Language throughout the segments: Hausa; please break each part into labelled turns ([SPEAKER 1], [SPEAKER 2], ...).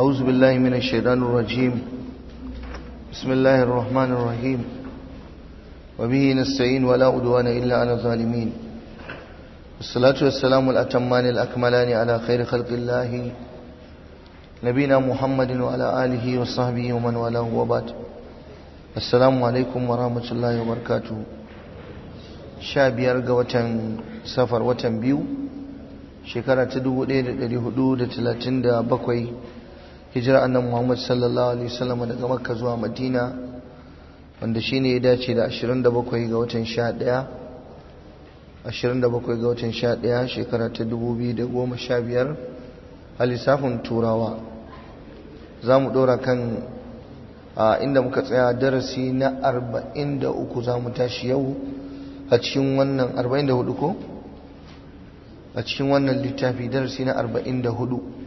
[SPEAKER 1] أعوذ بالله من الشيطان الرجيم بسم الله الرحمن الرحيم وبه نستعين ولا عدوان إلا على الظالمين والصلاة والسلام الأتمان الأكملان على خير خلق الله نبينا محمد وعلى آله وصحبه ومن والاه وبعد السلام عليكم ورحمة الله وبركاته شابير قوة سفر وتنبيو shekara ta 1437 hijira annabi Muhammad sallallahu alaihi wasallam daga Makka zuwa Madina wanda shine ya dace da 27 ga watan 11 27 ga watan 11 shekara ta 2015 a lissafin turawa za mu dora kan a inda muka tsaya darasi na 43 za mu tashi yau a cikin wannan 44 ko a cikin wannan littafi darasi na 44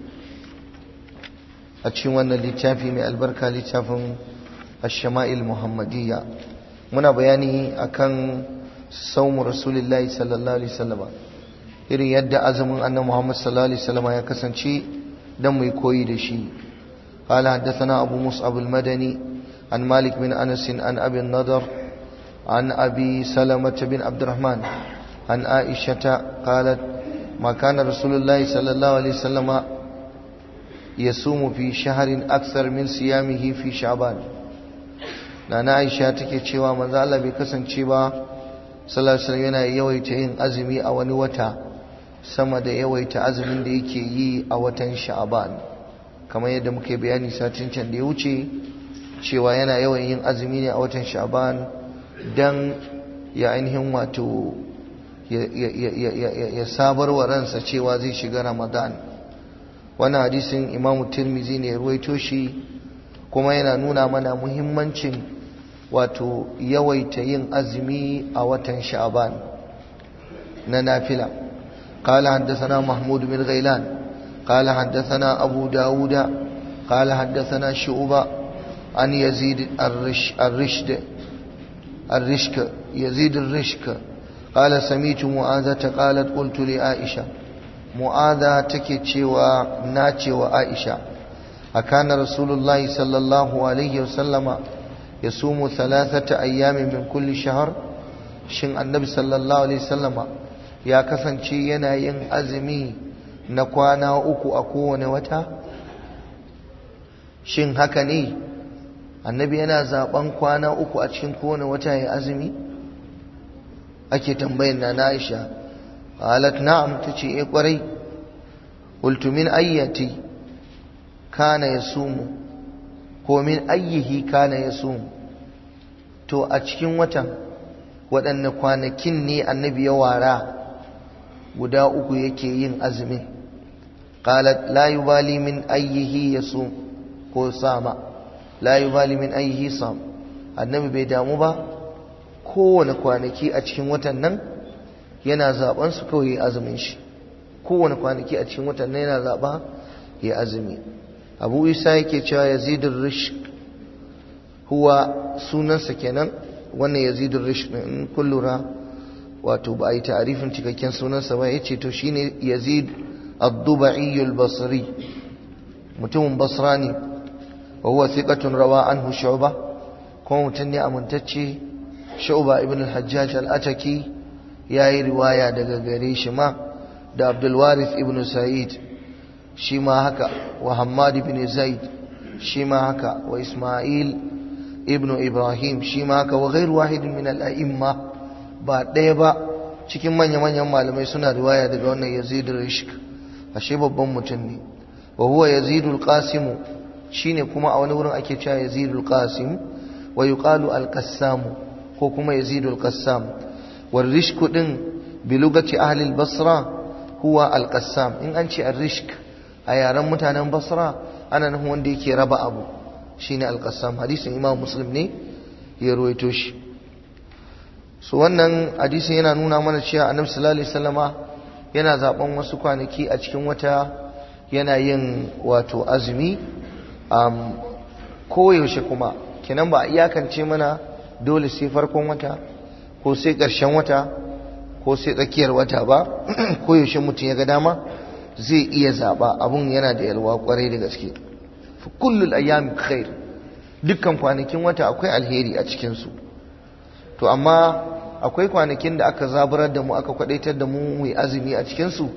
[SPEAKER 1] a cikin wannan littafi mai albarka littafin Ashama'il muhammadiyya muna bayani akan saumu rasulillahi sallallahu alaihi wasallam irin yadda azumin annabi muhammad sallallahu alaihi wasallam ya kasance dan mai koyi da shi قال حدثنا أبو مصعب المدني عن مالك بن أنس عن أبي النضر عن أبي سلمة بن عبد الرحمن عن عائشة قالت ما كان رسول الله صلى الله عليه وسلم yasumu fi shaharin aksar min siyamihi fi sha'ban nana aisha take cewa manzo Allah bai kasance ba sallallahu alaihi yana yawaita yin azumi a wani wata sama da yawaita azumin da yake yi a watan sha'ban kamar yadda muke bayani satin can da ya wuce cewa yana yawan yin azumi ne a watan sha'ban dan ya ainihin wato ya sabarwa ransa cewa zai shiga ramadan wannan hadisin imamu tirmizi ne ruwaito shi kuma yana nuna mana muhimmancin wato yawaita yin azumi a watan sha'aban na nafila قال حدثنا محمود بن غيلان قال حدثنا أبو داود قال حدثنا شعبة عن يزيد الرش الرشد الرشك يزيد الرشك قال سميت معاذة قالت قلت لعائشة mu'ada take cewa na cewa aisha a kana rasulullahi sallallahu alaihi wasallama ya sumu thalathata ayyami min kulli shahar shin annabi sallallahu alaihi wasallama ya kasance yana yin azumi na kwana uku a kowane wata shin haka ne annabi yana zaben kwana uku a cikin kowane wata ya azumi ake tambayin na Aisha qalat na'am tace eh kwarai qultu min ayyati kana yasumu ko min ayyihi kana yasumu to a cikin watan waɗanne kwanakin ne annabi ya wara guda uku yake yin azumi. qalat la yubali min ayyihi yasum ko sama la min ayyihi sam annabi bai damu ba kowane kwanaki a cikin watan nan yana zaben su kawai ya azumin shi kowane kwanaki a cikin watan na yana zaba ya azumi abu isa yake cewa yazidur rishk huwa sunansa kenan wannan yazidur rishk in kun wato ba a yi ta'arifin cikakken sunansa ba ya ce to shine yazid ad basri mutumin basra ne wa huwa thiqatun rawa anhu shu'ba kuma mutum ne amintacce sha'uba ibn al-hajjaj al-ataki ya yi riwaya daga gare shi ma da abdulwaris ibn sa'id shi ma haka wa hamad ibn zaid shi ma haka wa ismail ibn ibrahim shi ma haka wa ghairu wahidin min al'a'imma ba ɗaya ba cikin manya-manyan malamai suna riwaya daga wannan yazid rishk ashe babban mutum ne wa huwa Kasimu qasim shine kuma a wani wurin ake cewa yazidul qasim wa yuqalu al qassam ko kuma al qassam والرشك دين بلغة أهل البصرة هو القسام إن أنت الرشك أي رمتان البصرة أنا نهو أن ديكي ربا أبو شين القسام حديث إمام مسلم ني يرويتوش So wannan hadisin yana nuna mana cewa annabi sallallahu alaihi wasallama yana zaben wasu kwanaki a cikin wata yana yin wato azumi um, koyaushe kuma kenan ba a iyakance mana dole sai farkon wata ko sai ƙarshen wata ko sai tsakiyar wata ba ko yaushe mutum ya ga dama zai iya zaɓa abun yana da yalwa ƙwarai da gaske fi kullul ayyami khair dukkan kwanakin wata akwai alheri a cikinsu to amma akwai kwanakin da aka zaburar da mu aka kwadaitar da mu mai azumi a cikinsu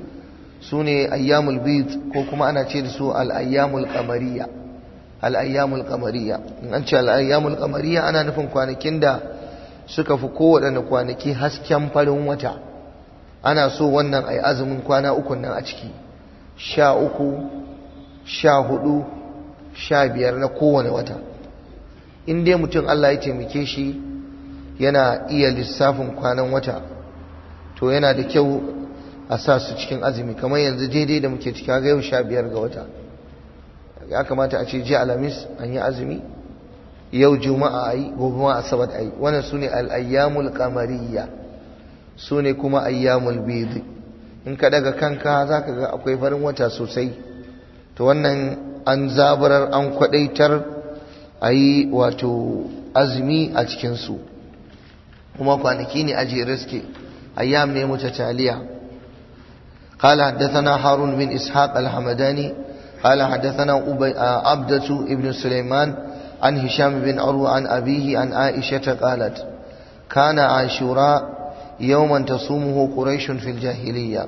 [SPEAKER 1] su ne ayyamul bid ko kuma ana ce da su al'ayyamul kamariya al'ayyamul kamariya in an ce al'ayyamul kamariya ana nufin kwanakin da suka fi kowaɗanda kwanaki hasken farin wata ana so wannan a yi azumin kwana ukun nan a ciki sha uku sha hudu sha biyar na kowane wata in dai mutum Allah ya taimake shi yana iya lissafin kwanan wata to yana da kyau a sa su cikin azumi kamar yanzu daidai da muke cika ga yau sha biyar ga wata ya kamata a ce jiya alhamis an yi azumi yau juma'a ayi, gobe ma asabar ayi wannan sune al-ayyamul qamariyya sune kuma ayyamul bid in ka daga kanka zaka ga akwai farin wata sosai to wannan an zabarar an kwadaitar ayi wato azumi a cikin su kuma kwanaki ne aje riske ayyam ne mutataliya قال حدثنا هارون بن إسحاق الحمداني قال حدثنا Abdatu ابن سليمان عن هشام بن عروة عن أبيه عن عائشة قالت كان عاشوراء يوما تصومه قريش في الجاهلية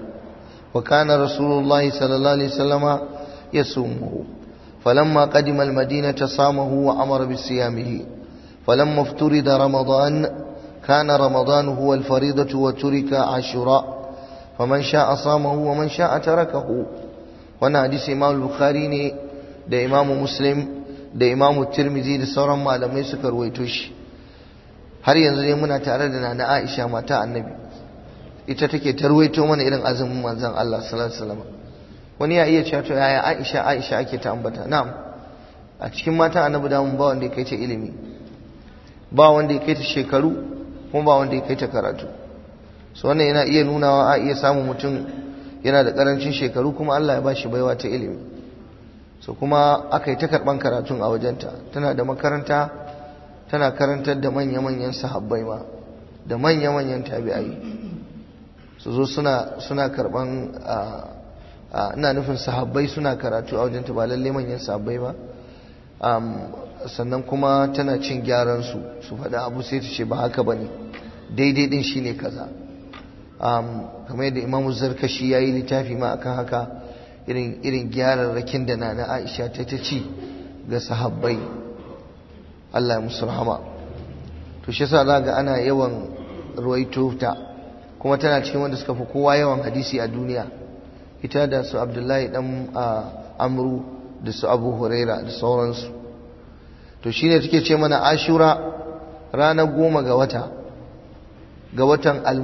[SPEAKER 1] وكان رسول الله صلى الله عليه وسلم يصومه فلما قدم المدينة صامه وأمر بصيامه فلما افترض رمضان كان رمضان هو الفريضة وترك عاشوراء فمن شاء صامه ومن شاء تركه وانا حديث امام البخاري ده امام مسلم da imamu tirmizi da sauran malamai suka ruwaito shi har yanzu ne muna tare da nana aisha mata annabi ita take ruwaito mana irin azumin manzon Allah sallallahu alaihi wasallam wani ya iya cewa yaya aisha aisha ake ta ambata na'am a cikin mata annabi da mun ba wanda ya kai ta ilimi ba wanda ya kai ta shekaru kuma ba wanda ya kai ta karatu so wannan yana iya nunawa a iya samun mutum yana da karancin shekaru kuma Allah ya ba shi baiwa ta ilimi so kuma aka yi ta karɓan karatun a wajenta tana da makaranta tana karantar da manya-manyan sahabbai ma da manya-manyan tabi'ai su zo suna suna karɓan ina nufin sahabbai suna karatu a wajenta ba lalle manyan sahabbai ba sannan kuma tana cin gyaran su su faɗa abu sai ta ce ba haka ba ne daidai ɗin ne kaza kamar yadda imamu zarkashi ya yi littafi ma akan haka irin irin gyararrakin da nana Aisha ta ta ci ga sahabbai Allah ya musu rahama to shi yasa zaga ana yawan ruwaito ta kuma tana cikin wanda suka fi kowa yawan hadisi a duniya ita da su Abdullahi dan Amru da su Abu Huraira da sauransu to shine take ce mana Ashura ranar goma ga wata ga watan al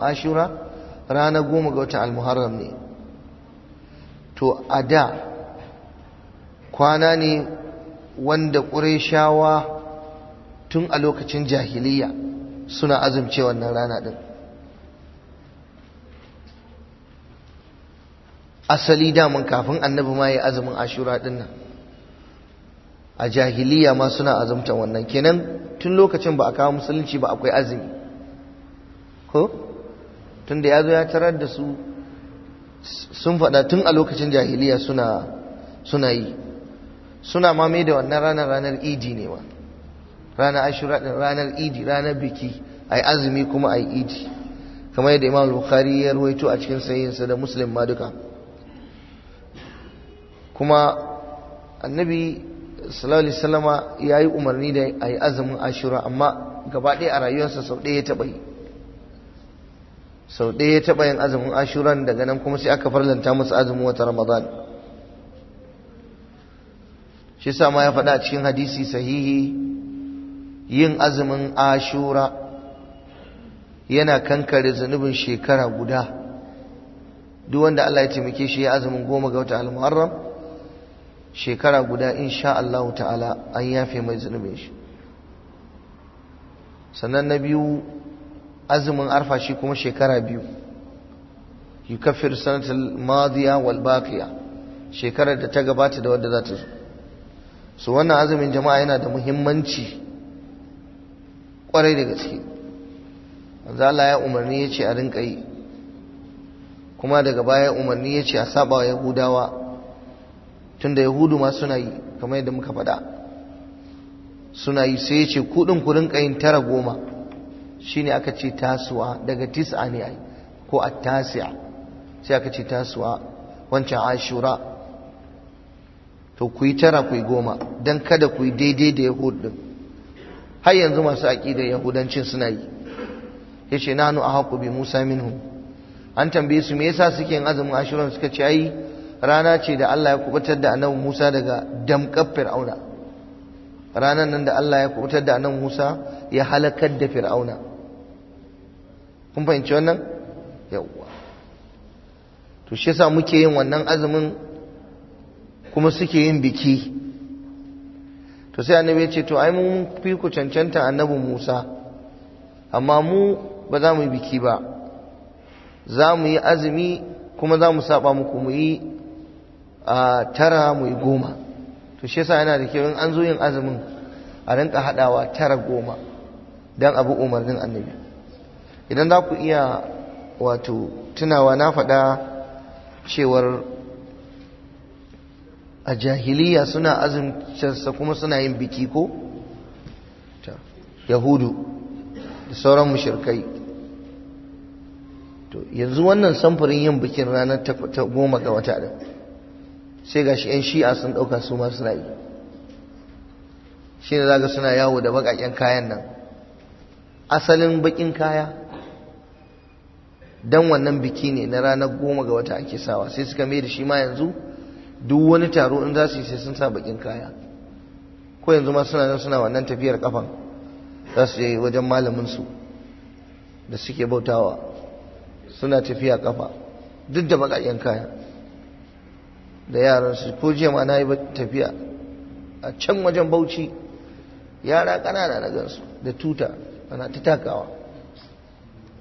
[SPEAKER 1] Ashura rana goma ga watan almuharram ne to a da kwana ne wanda ƙurashawa tun a lokacin jahiliya suna azumce wannan rana ɗin asali damun kafin annabi ma ya azumin ashura ɗin nan a jahiliya ma suna azumta wannan kenan tun lokacin ba a kawo musulunci ba akwai azumi ko tun da ya zo ya tarar da su sun faɗa tun a lokacin jahiliya suna yi suna ma mai da wannan ranar ranar idi ne ma ranar ashura ranar idi ranar biki ai azumi kuma ai idi kamar yadda imam bukhari ya ruwaito a cikin sayinsa da muslim ma duka kuma annabi sallallahu alaihi wasallama yi umarni da ai azumin ashura amma gaba ɗaya a rayuwarsa sau ɗaya ya taɓa yi sau ɗaya ya taɓa yin azumin ashuran daga nan kuma sai aka farlanta masa azumin wata ramadan shi sa ma ya faɗa cikin hadisi sahihi yin azumin ashura yana kankare zunubin shekara guda duk wanda Allah ya taimake shi ya azumin goma ga wata almuharram shekara guda insha Allah ta'ala an yafe mai zunubin shi sannan na biyu azumin arfa shi kuma shekara biyu kafir sanatar madiya wal shekarar da ta gabata da wadda za ta zo Su wannan azumin jama'a yana da muhimmanci kwarai da gaske manzo ya umarni ya ce a rinka yi kuma daga baya umarni ya ce a saba wa yahudawa tunda yahudu ma suna yi kamar yadda muka faɗa suna yi sai yace kuɗin kudin ku rinka yin tara goma shine aka ce tasuwa daga tis'a ne ai ko at-tasi'a sai aka ce tasuwa wancan ashura to ku yi tara ku yi goma don kada ku yi daidai da yahud din har yanzu masu da yahudancin suna yi ya ce nanu a haƙu bi musa minhu an tambaye su me yasa suke yin azumin ashirin suka ce ai rana ce da Allah ya kubutar da annabi Musa daga damƙar Fir'auna ranan nan da Allah ya kubutar da annabi Musa ya halakar da Fir'auna kun fahimci wannan yawwa to shi yasa muke yin wannan azumin kuma suke yin biki to sai annabi ya ce to ai mun fi ku cancanta annabi Musa amma mu ba za mu yi biki ba za mu yi azumi kuma za mu saba muku mu yi a tara mu yi goma to shi yasa yana da kyau in an zo yin azumin a rinka hadawa tara goma dan abu umarnin annabi idan za ku iya wato tunawa na faɗa cewar a jahiliya suna azumcinsa kuma suna yin biki ko yahudu da sauran mashirkai to yanzu wannan samfurin yin bikin ranar ta goma ga wata da sai gashi 'yan shi'a sun ɗauka su ma suna shi ne zaga suna yawo da baƙaƙen kayan nan asalin baƙin kaya dan wannan biki ne na ranar goma ga wata ake sawa sai suka mai da shi ma yanzu duk wani taro in za su yi sai sun sa bakin kaya ko yanzu ma suna nan suna wannan tafiyar kafan za su yi wajen malamin su da suke bautawa suna tafiya kafa duk da bakaƙen kaya da yaran su ko jiya ma na yi tafiya a can wajen bauchi yara ƙanana na gansu da tuta ana ta takawa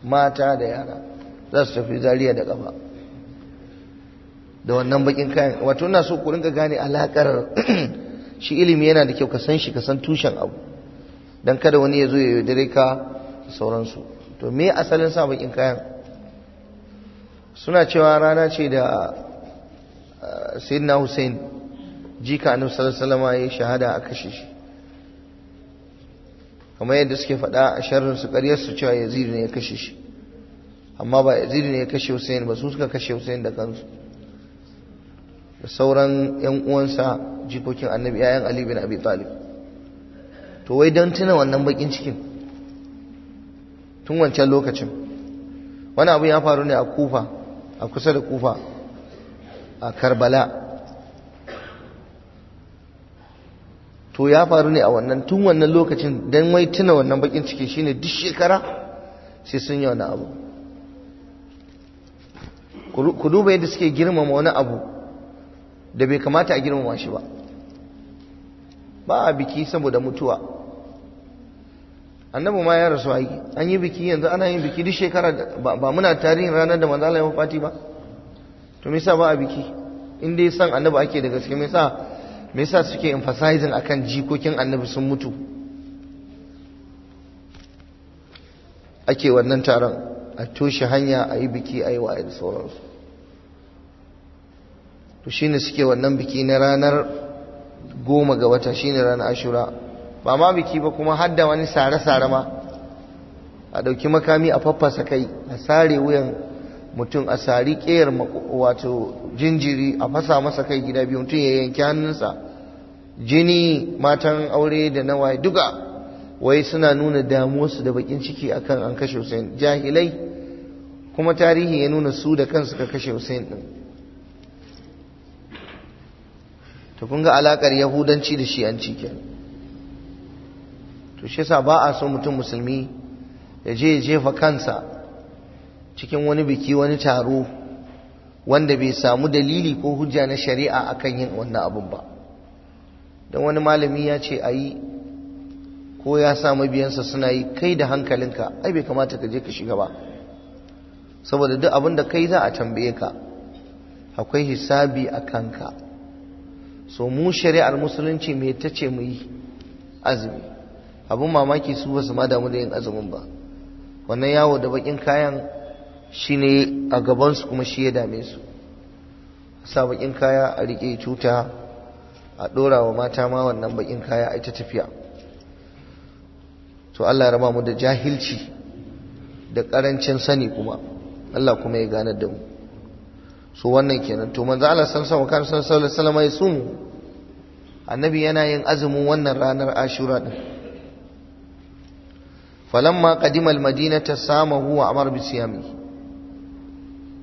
[SPEAKER 1] mata da yara za su tafi zariya da kafa da wannan bakin kayan wato na so ku gane alakar shi ilimi yana da kyau ka san shi ka san tushen abu Don kada wani ya zo ya dare ka sauransu to me asalin sa bakin kayan suna cewa rana ce da ah, sayyidina Hussein jika annabi sallallahu alaihi wasallam shahada a kashe shi kamar yadda suke faɗa a shirin su ƙaryar su cewa yazidu ne ya kashe shi amma ba yazid ne ya kashe Hussein ba su suka kashe Hussein da kansu da sauran yan uwansa jikokin annabi yayan Ali bin Abi Talib to wai don tuna wannan bakin cikin tun wancan lokacin wani abu ya faru ne a kufa a kusa da kufa a karbala to ya faru ne a wannan tun wannan lokacin don wai tuna wannan bakin ciki shine duk shekara sai sun yi wani abu ku duba yadda suke girmama wani abu da bai kamata a girmama shi ba ba a biki saboda mutuwa annabu ma ya rasu ayi an yi biki yanzu ana yin biki duk shekara ba muna tarihin ranar da manzo Allah ya fati ba to me yasa ba a biki in dai san annabu ake da gaske me yasa me yasa suke emphasizing akan jikokin annabi sun mutu ake wannan taron a toshe hanya a yi biki a yi wa'ayi da sauransu to shine suke wannan biki na ranar goma ga wata shine ranar ashura ba ma biki ba kuma har da wani sare-sare ma a ɗauki makami a faffasa kai a sare wuyan mutum a sari ƙeyar wato jinjiri a fasa masa kai gida biyu mutum ya yanki hannunsa jini matan aure da nawaye duka wai suna nuna damuwarsu da bakin ciki akan an kashe Hussein jahilai kuma tarihi ya nuna su da kansu ka kashe Hussein din to kun ga alakar yahudanci da shi'anci kenan to shi yasa ba a so mutum musulmi ya je jefa kansa cikin wani biki wani taro wanda bai samu dalili ko hujja na shari'a akan yin wannan abun ba don wani malami ya ce a yi ko ya sa mabiyansa suna yi kai da hankalinka ai bai kamata ka je ka shiga ba saboda duk abin da kai za a tambaye ka akwai hisabi a kanka so mu shari'ar musulunci me ta ce mu yi azumi abin mamaki su ba su ma damu da yin azumin ba wannan yawo da bakin kayan shi ne a gabansu kuma shi ya dame su sa bakin kaya a riƙe cuta a ɗora wa mata ma wannan bakin kaya a ita tafiya to Allah ya raba mu da jahilci da karancin sani kuma Allah kuma ya ganar da mu so wannan kenan to manzo Allah sallallahu alaihi wasallam ya sumu annabi yana yin azumin wannan ranar ashura din falamma qadima almadinata samahu huwa amar bisiyami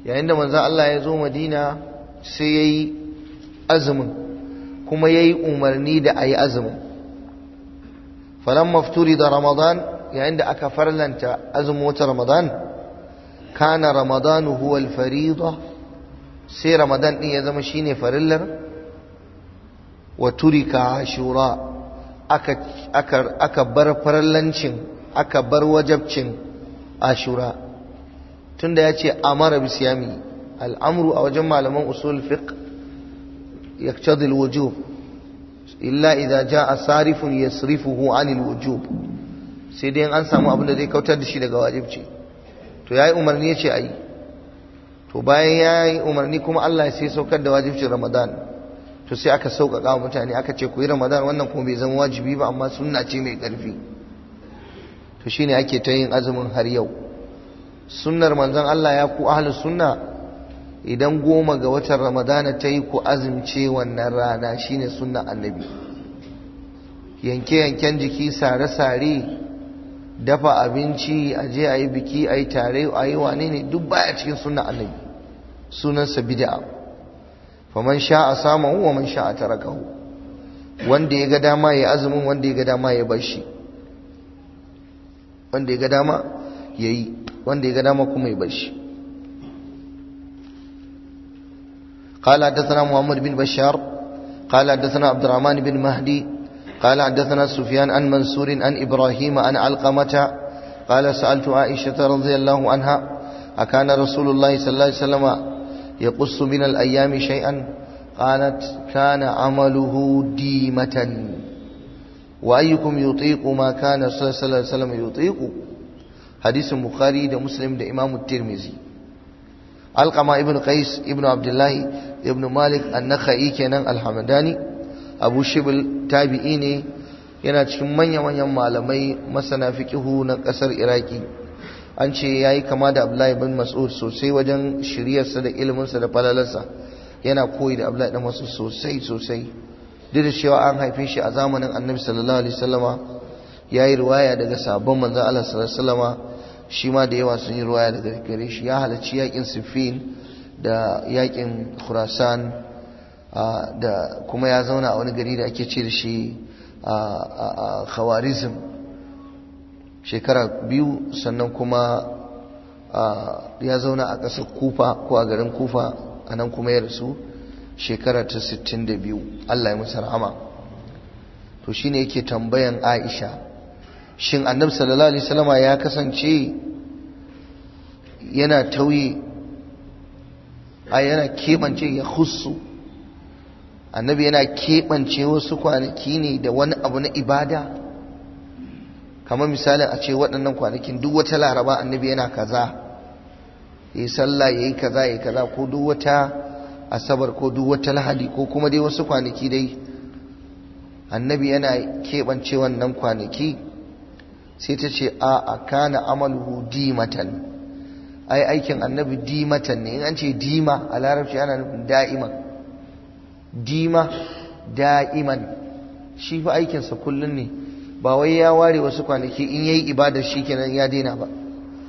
[SPEAKER 1] yayin da manzo Allah ya zo madina sai yayi azumin kuma yayi umarni da ayi azumin falamma da ramadan yayin da aka farlanta azumin wata ramadan kana ramadanu huwa al-farida sai ramadan ɗin ya zama shine farillar wa turika ashura aka bar farillancin aka bar wajabcin ashura tunda yace amara bisiyami al a wajen malaman usul fiqh yaqtadi al-wujub illa idza jaa sarifun yasrifuhu anil wujub sai dai an samu abin da zai kautar da shi daga wajibci to yayi umarni yace ayi to bayan yayi umarni kuma Allah ya sai saukar da wajibcin Ramadan to sai aka sauƙaƙa wa mutane aka ce ku yi Ramadan wannan kuma bai zama wajibi ba amma sunna ce mai ƙarfi to shine ake ta yin azumin har yau sunnar manzon Allah ya ku ahlus sunna idan goma ga watan ramadana ta yi ku azumce wannan rana shine sunnan annabi yanke-yanken jiki sare-sare dafa abinci a je a yi biki a yi tare a yi wane ne duk baya cikin sunnan annabi sunansa bid'a faman sha'a samu wa man sha'a tarakahu wanda ya ga dama ya azumin wanda ya ga dama ya bar shi wanda ya ga dama ya yi wanda ya ga dama kuma ya bar shi قال حدثنا محمد بن بشار قال حدثنا عبد الرحمن بن مهدي قال حدثنا سفيان عن منصور عن إبراهيم عن علقمة قال سألت عائشة رضي الله عنها أكان رسول الله صلى الله عليه وسلم يقص من الأيام شيئا قالت كان عمله ديمة وأيكم يطيق ما كان صلى الله عليه وسلم يطيق حديث البخاري ده مسلم ده إمام الترمذي Alƙama ibn qais ibn abdullahi ibn malik an-nakhai kenan al-hamdani abu shibl tabi'i ne yana cikin manya manyan malamai masana fiqihu na ƙasar iraki an ce yayi kama da abdullahi ibn mas'ud sosai wajen sa da iliminsa da falalarsa yana koyi da abdullahi ibn mas'ud sosai sosai duk da cewa an haife shi a zamanin annabi sallallahu alaihi wasallama yayi riwaya daga sabon manzon Allah sallallahu alaihi wasallama shi ma da yawa sun yi ruwaya daga gare shi ya halarci yakin siffin da yakin khurasan da kuma ya zauna a wani gari da ake ce da shi a khawarizm shekara biyu sannan kuma ya zauna a ƙasar kufa ko a garin kufa a nan kuma ya rasu shekara ta 62 Allah ya musa rahama to shine yake tambayan Aisha shin annabi sallallahu alaihi wasallama ya kasance yana tauye a yana kebance ya husu annabi yana kebance wasu kwanaki ne da wani abu na ibada kamar misali a ce waɗannan kwanakin duk wata laraba annabi yana kaza ya yi sallah ya yi kaza ya yi kaza ko duk wata asabar ko duk wata lahadi ko kuma dai wasu kwanaki dai annabi yana keɓance wannan kwanaki sai ta ce a'a kana amaluhu dimatan ai aikin annabi dimatan ne in an ce dima a larabci ana nufin da'iman dima da'iman shi fa aikinsa kullum ne ba wai ya ware wasu kwanaki in yayi ibadar shi kenan ya daina ba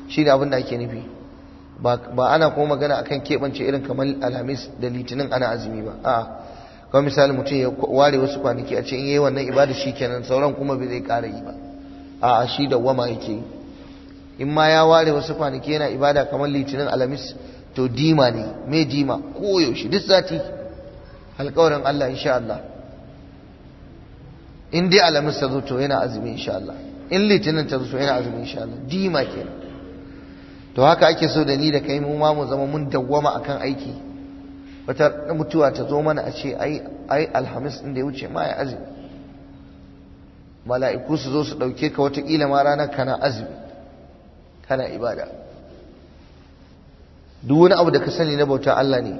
[SPEAKER 1] shi ne abin da ake nufi ba ana kuma magana akan keɓance irin kamar alhamis da litinin ana azumi ba a'a kawai misali mutum ya ware wasu kwanaki a ce in yayi wannan ibadar shi kenan sauran kuma bai zai ƙara yi ba a shi da wama yake in ma ya ware wasu kwanaki yana ibada kamar litinin alamis to dima ne mai dima koyaushe duk sati alkawarin Allah insha Allah in dai alamis ta zo to yana azumi insha Allah in litinin ta zo to yana azumi insha Allah dima kenan to haka ake so da ni da kai mu ma mu zama mun dawwama akan aiki wata mutuwa ta zo mana a ce ai alhamis inda ya wuce ma ya azumi mala'iku su zo su ɗauke ka watakila ma ranar kana azumi kana ibada duk wani abu da ka sani na bauta Allah ne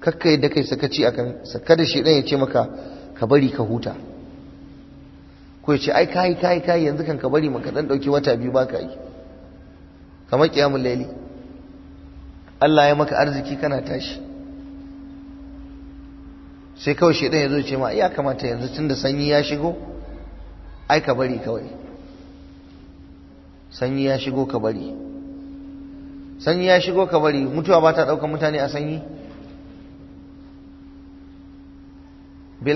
[SPEAKER 1] kakka yadda kai sakaci akan saka da shi ya ce maka ka bari ka huta ko ya ce ai kai kai kai yanzu kan ka bari maka dan ɗauke wata biyu ba ka yi kamar kiyamul laili Allah ya maka arziki kana tashi sai kawai shedan ya zo ce ma ya kamata yanzu tun da sanyi ya shigo ai ka bari kawai sanyi ya shigo ka bari sanyi ya shigo ka bari mutuwa ba ta ɗaukar mutane a sanyi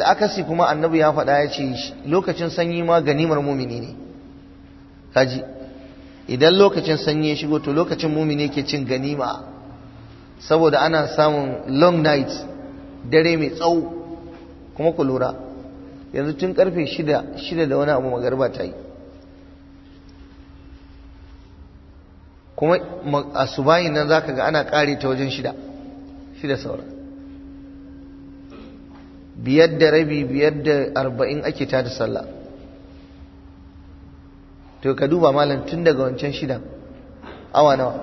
[SPEAKER 1] akasi kuma annabi ya faɗa ya ce lokacin sanyi ma ganimar mumini ne kaji idan lokacin sanyi ya shigo to lokacin mumini ke cin ganima saboda ana samun long night dare mai tsawo kuma ku lura yanzu tun karfe shida shida da wani abu magarba ta yi kuma a subayin nan ka ga ana kare ta wajen shida shida saura biyar da rabi biyar da arba'in ake da sallah to ka duba malam tun daga wancan shida awa nawa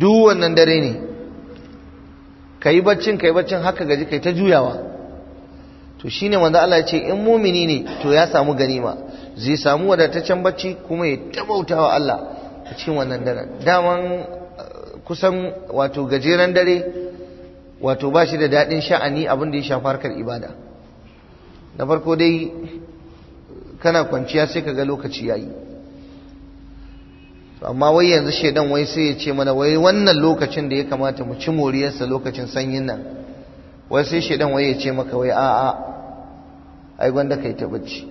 [SPEAKER 1] duk wannan dare ne ka yi baccin ka yi baccin haka gaji kai ta juyawa to shine wanda Allah ya ce in mumini ne to ya samu ganima zai samu wadataccen bacci kuma ya wa Allah a cikin wannan dare. daman eh, kusan wato gajeren dare wato bashi da daɗin sha'ani abin da ya shafi harkar ibada na farko dai kana kwanciya sai ka ga lokaci yayi amma wai yanzu shaidan wai sai ya ce mana wai wannan lokacin da ya kamata mu ci moriyarsa lokacin sanyin nan wai sai shedan waye ya ce maka wai a'a ai gwanda kai ta bacci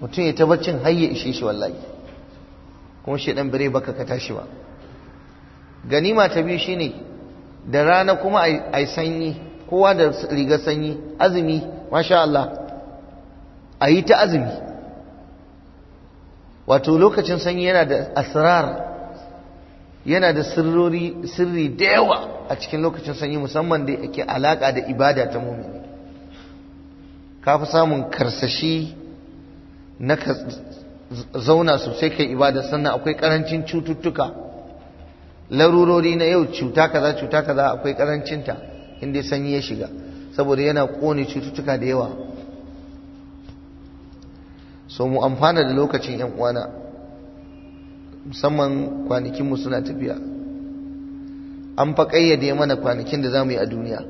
[SPEAKER 1] mutum ya ta baccin har ya ishe shi wallahi kuma shedan bare baka ka tashi ba ganima ta biyu shine da rana kuma ai sanyi kowa da rigar sanyi azumi masha Allah a ta azumi wato lokacin sanyi yana da asrar yana da sirrori sirri da yawa a cikin lokacin sanyi musamman da yake alaka da ibada ta mumini ka fi samun karsashi na ka zauna sosai kai ibada sannan akwai karancin cututtuka larurori na yau cuta kaza cuta kaza akwai karancinta inda sanyi ya shiga saboda yana kone cututtuka da yawa so mu amfana da lokacin yan uwana musamman kwanakinmu suna tafiya an fa ƙayyade mana kwanakin da za mu yi a duniya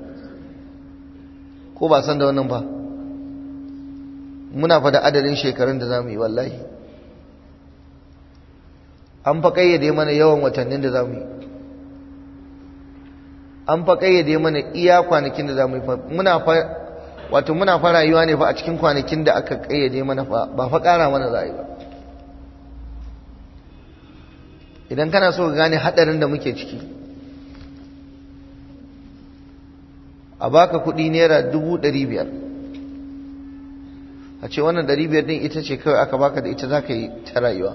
[SPEAKER 1] ko ba san da wannan ba muna fada adadin shekarun da za mu yi wallahi an fa ƙayyade mana yawan watannin da za mu yi an fa ƙayyade mana iya kwanakin da za mu yi muna fa wato muna fa rayuwa ne fa a cikin kwanakin da aka ƙayyade mana fa ba fa ƙara mana rayuwa idan kana so ka gane hadarin da muke ciki a baka kuɗi naira dubu ɗari a ce wannan ɗari biyar ɗin ita ce kawai aka baka da ita za ka yi ta rayuwa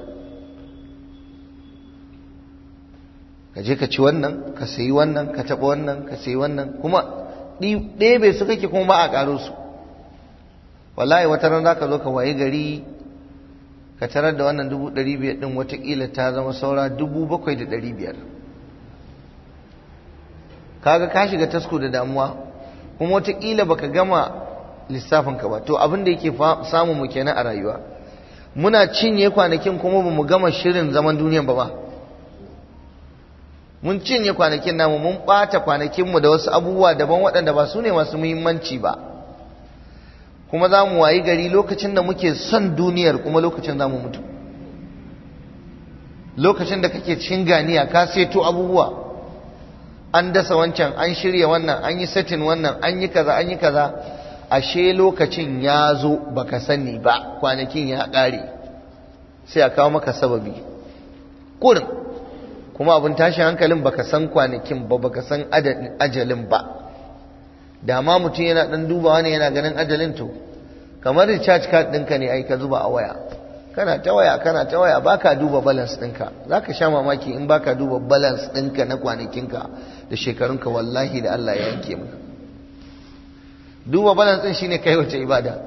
[SPEAKER 1] ka je ka ci wannan ka sayi wannan ka taɓa wannan ka sayi wannan kuma ɗebe su kake kuma ba a ƙaro su wallahi wata ran za ka zo ka waye gari ka tarar da wannan dubu ɗari biyar ɗin watakila ta zama saura dubu bakwai da ɗari biyar kaga ka shiga tasko da damuwa kuma watakila baka gama lissafinka ba to abinda yake samun mu kenan a rayuwa muna cinye kwanakin kuma ba mu gama shirin zaman duniyan ba ba mun cinye kwanakin namu mun ɓata kwanakinmu da wasu abubuwa daban waɗanda ba su ne masu muhimmanci ba kuma za mu wayi gari lokacin da muke son duniyar kuma lokacin za mu mutu lokacin da kake cin ganiya ka seto abubuwa an dasa wancan an shirya wannan an yi satin wannan an yi kaza an yi kaza ashe lokacin ya zo baka sani ba kwanakin ya ƙare sai a kawo maka sababi kurin kuma abin tashin hankalin baka san kwanakin ba baka san ajalin ba da ma mutum yana dan dubawa ne yana ganin ajalin to kamar recharge card dinka ne ai ka zuba a waya kana ta waya kana ta waya baka duba balance ɗinka zaka sha mamaki in baka duba balance ɗinka na kwanakinka da shekarunka wallahi da Allah ya yanke maka duba balance ɗin shine kai wace ibada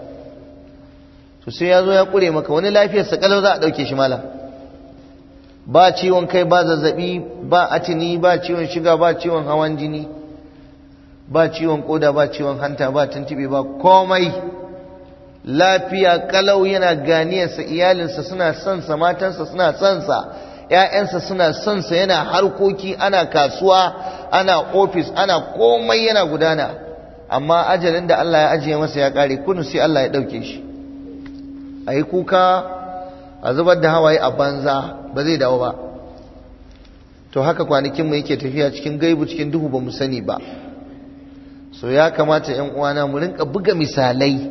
[SPEAKER 1] to sai ya zo ya kure maka wani lafiyar sa kalau za a dauke shi mala ba ciwon kai ba zazzabi ba atini ba ciwon shiga ba ciwon hawan jini ba ciwon koda ba ciwon hanta ba tuntube ba komai lafiya kalau yana ganiyarsa iyalinsa suna son sa matansa suna son sa suna son yana harkoki ana kasuwa ana ofis ana komai yana gudana amma ajalin da Allah ya ajiye masa ya kare kunu sai Allah ya ɗauke shi A yi kuka a zubar da hawaye a banza ba zai dawo ba to haka kwanakin mu yake tafiya cikin gaibu cikin duhu ba mu sani ba so ya kamata yan uwana mu rinka buga misalai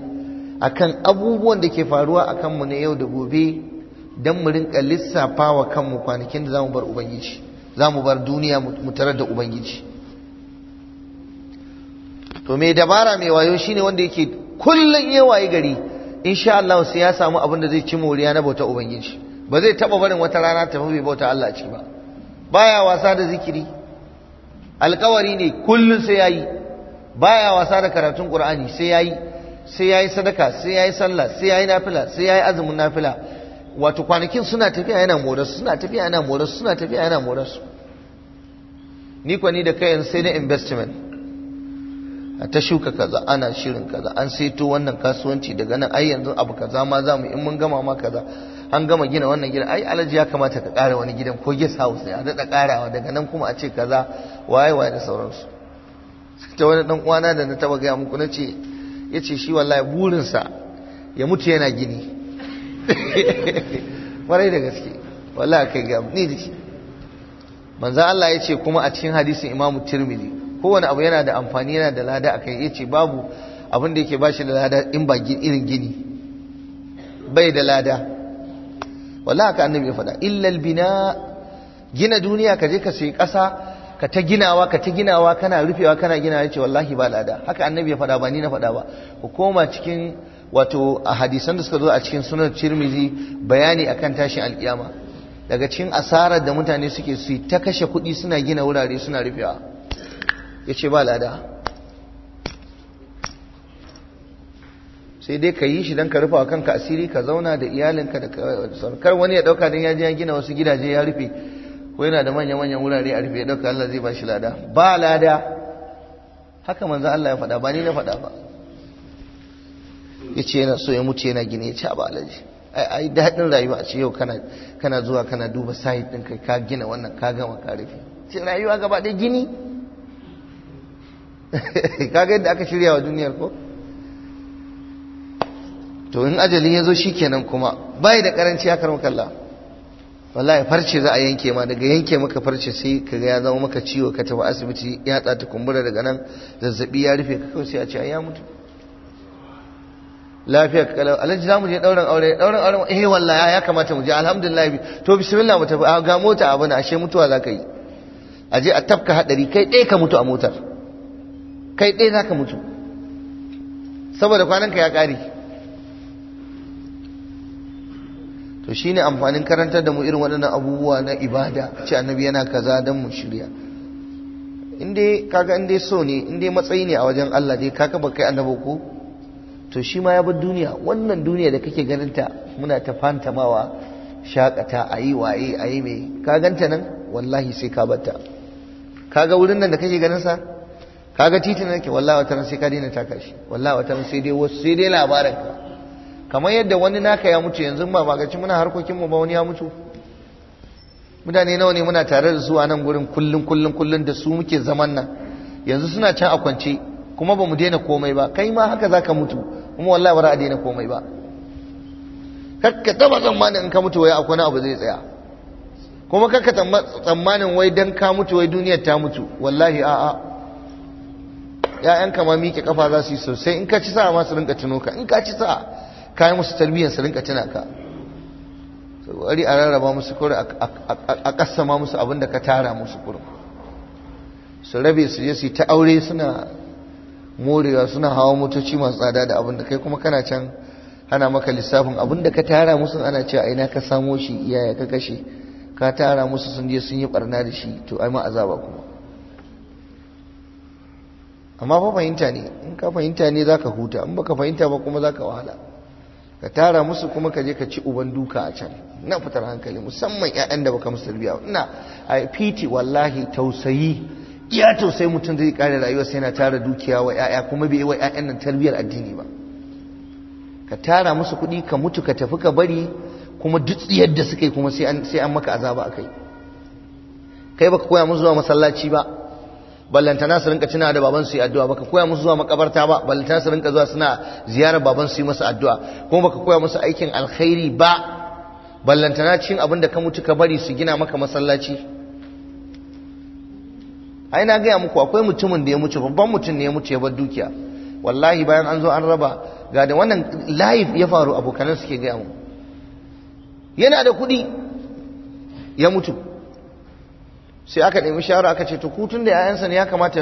[SPEAKER 1] akan abubuwan da ke faruwa a kanmu na yau da gobe don mu rinka lissafa wa kanmu kwanakin da za mu bar ubangiji za mu bar duniya mu tarar da ubangiji to mai dabara mai wayo shi ne wanda yake kullum ya waye gari insha Allah sai ya samu abin da zai ci moriya na bauta ubangiji ba zai taba barin wata rana ta mafi bauta Allah ci ciki ba baya wasa da zikiri alkawari ne kullum sai yayi baya wasa da karatun qur'ani sai yayi sai yayi sadaka sai yayi sallah sai yayi nafila sai yayi azumin nafila wato kwanakin suna tafiya yana moras suna tafiya yana moras suna tafiya yana moras ni kwani da kayan sai na investment ta shuka kaza ana shirin kaza an saito wannan kasuwanci daga nan ai yanzu abu kaza ma za mu in mun gama ma kaza an gama gina wannan gidan ai alaji ya kamata ka ƙara wani gidan ko guest house ne a daɗa ƙarawa daga nan kuma a ce kaza waye waye da sauransu ta wani dan uwana da na taba gaya muku na ce ya ce shi wallahi burinsa ya mutu yana gini warai da gaske wallahi kai gaya ni da shi manzan Allah ya ce kuma a cikin hadisin imamu tirmidhi kowane abu yana da amfani yana da lada akai ya ce babu abin da yake ba shi da lada in ba irin gini bai da lada wallahi ka annabi ya faɗa illal bina gina duniya ka je ka sayi ƙasa ka ta ginawa ka ta ginawa kana rufewa kana ginawa yace wallahi ba lada haka annabi ya faɗa ba ni na faɗa ba ku koma cikin wato a hadisan da suka zo a cikin sunan tirmizi bayani akan tashin alkiyama daga cikin asarar da mutane suke su ta kashe kuɗi suna gina wurare suna rufewa ya ba lada sai dai ka yi shi don ka rufa wa kanka asiri ka zauna da iyalinka da kar wani ya ɗauka don ya je ya gina wasu gidaje ya rufe ko yana da manya-manyan wurare a rufe ya ɗauka Allah zai ba shi lada ba lada haka manzo Allah ya faɗa ba ni na faɗa ba ya ce yana so ya mutu yana gini ya ci ba alaji ai daɗin rayuwa a ce yau kana zuwa kana duba sahib ɗin kai ka gina wannan ka gama ka rufe ce rayuwa gaba ɗaya gini kaga yadda aka shirya wa duniyar ko to in ajali ya zo shi kenan kuma bai da karanci ya karmakalla wallahi farce za a yanke ma daga yanke maka farce sai ka ga ya zama maka ciwo ka tafi asibiti ya ta kumbura daga nan zazzabi ya rufe ka kawai sai a ce ya mutu lafiya ka kalau alhaji zamu je dauran aure dauran aure eh wallahi ya kamata mu je alhamdulillah to bismillah mu tafi ga mota abu na ashe mutuwa za ka yi a je a tafka hadari kai ɗaya ka mutu a motar kai ɗaya za ka mutu saboda kwananka ya ƙare to shine amfanin karantar da mu irin waɗannan abubuwa na ibada ce annabi yana kaza don mu shirya in dai kaga inda so ne inda matsayi ne a wajen Allah dai kaga ba kai annabi ko to shi ma ya bar duniya wannan duniya da kake ganinta muna ta fantamawa shakata ayi waye ayi me ka ganta nan wallahi sai ka bata kaga wurin nan da kake ganin sa kaga titin nan ke wallahi wata sai ka daina taka shi wallahi wata sai dai wasu sai dai labarin ka kamar yadda wani naka ya mutu yanzu ba magaci muna harkokin mu ba wani ya mutu mutane nawa ne muna tare da su a nan gurin kullun kullun kullun da su muke zaman nan yanzu suna can a kwance kuma ba mu daina komai ba kai ma haka zaka mutu kuma wallahi ba za a daina komai ba kakka taba tsammanin in ka mutu wai akwai abu zai tsaya kuma kakka tsammanin wai dan ka mutu wai duniyar ta mutu wallahi a'a ya'yan kama miƙe kafa za su yi sosai in ka ci sa'a ma su rinka tuno ka in ka ci sa'a kayan musu tarbiyyar su rinka tuna ka tsawari a rarraba musu kuri a ma musu abinda da ka tara musu kuri su rabe su je su ta aure suna morewa suna hawa motoci masu tsada da abin da kai kuma kana can hana maka lissafin abinda da ka tara musu ana cewa ina ka samo shi iyaya ka kashe ka tara musu sun je sun yi barna da shi to ai ma azaba kuma amma fa fahimta ne in ka fahimta ne zaka huta in baka fahimta ba kuma zaka wahala ka tara musu kuma ka je ka ci uban duka a can na fitar hankali musamman 'ya'yan da baka musu tarbiyya ina a fiti wallahi tausayi iya tausayi mutum zai kare rayuwa sai na tara dukiya wa 'ya'ya kuma bai wa 'ya'yan nan tarbiyar addini ba ka tara musu kuɗi ka mutu ka tafi ka bari kuma duk yadda suka yi kuma sai an maka azaba akai kai baka koya musu zuwa masallaci ba ballantana su rinka cina da baban su yi addu'a baka koya musu zuwa makabarta ba ballantana su rinka zuwa suna ziyarar baban su yi masa addu'a kuma baka koya musu aikin alkhairi ba ballantana cin abin da ka mutu ka bari su gina maka masallaci ai na gaya muku akwai mutumin da ya mutu babban mutum ne ya mutu ya bar dukiya wallahi bayan an zo an raba ga da wannan live ya faru abokanan suke gaya mu yana da kuɗi ya mutu sai aka nemi shawara aka ce tuku ku tun da ya'yansa ne ya kamata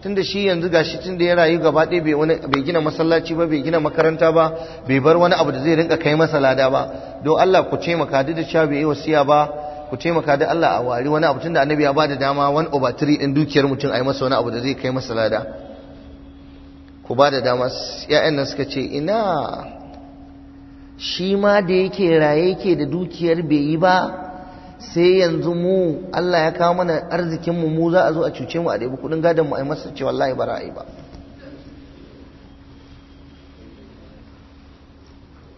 [SPEAKER 1] tun da shi yanzu gashi tun da ya rayu gaba ɗaya bai gina masallaci ba bai gina makaranta ba bai bar wani abu da zai rinka kai masa lada ba don Allah ku ce maka da cewa bai yi wasiya ba ku ce maka duk Allah a wari wani abu tun da annabi ya ba da dama wani over three ɗin dukiyar mutum a yi masa wani abu da zai kai masa lada ku ba da dama yayan nan suka ce ina shi ma da yake raye yake da dukiyar bai yi ba sai yanzu mu Allah ya kawo mana arzikin mu za a zo a cuce mu a ɗebi kuɗin gadon mu a yi masa ce wallahi ba ra'ayi ba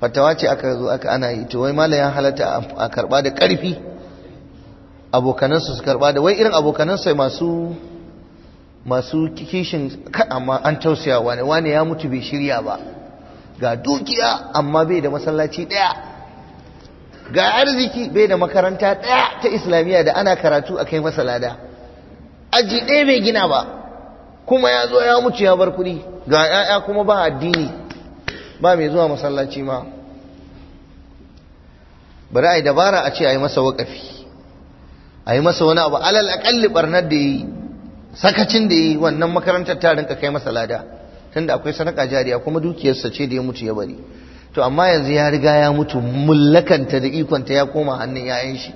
[SPEAKER 1] fatawa ce aka zo aka ana yi to wai malam ya halatta a karba da ƙarfi abokanansu su karba da wai irin abokanansu masu masu kishin amma an tausayawa ne wane ya mutu bai shirya ba ga dukiya amma bai da masallaci ɗaya ga arziki bai da makaranta ɗaya ta islamiyya da ana karatu a kai masa lada aji ɗaya bai gina ba kuma ya zo ya mutu ya bar kuɗi ga 'ya'ya kuma ba addini ba mai zuwa masallaci ma bari a yi dabara a ce a yi masa waƙafi a yi masa wani abu alal aƙalli ɓarnar da yi sakacin da yi wannan makarantar ta rinka kai masa lada tunda akwai sanaka jariya kuma dukiyarsa ce da ya mutu ya bari to amma yanzu ya riga ya mutu mullakanta da ikonta ya koma hannun yayan shi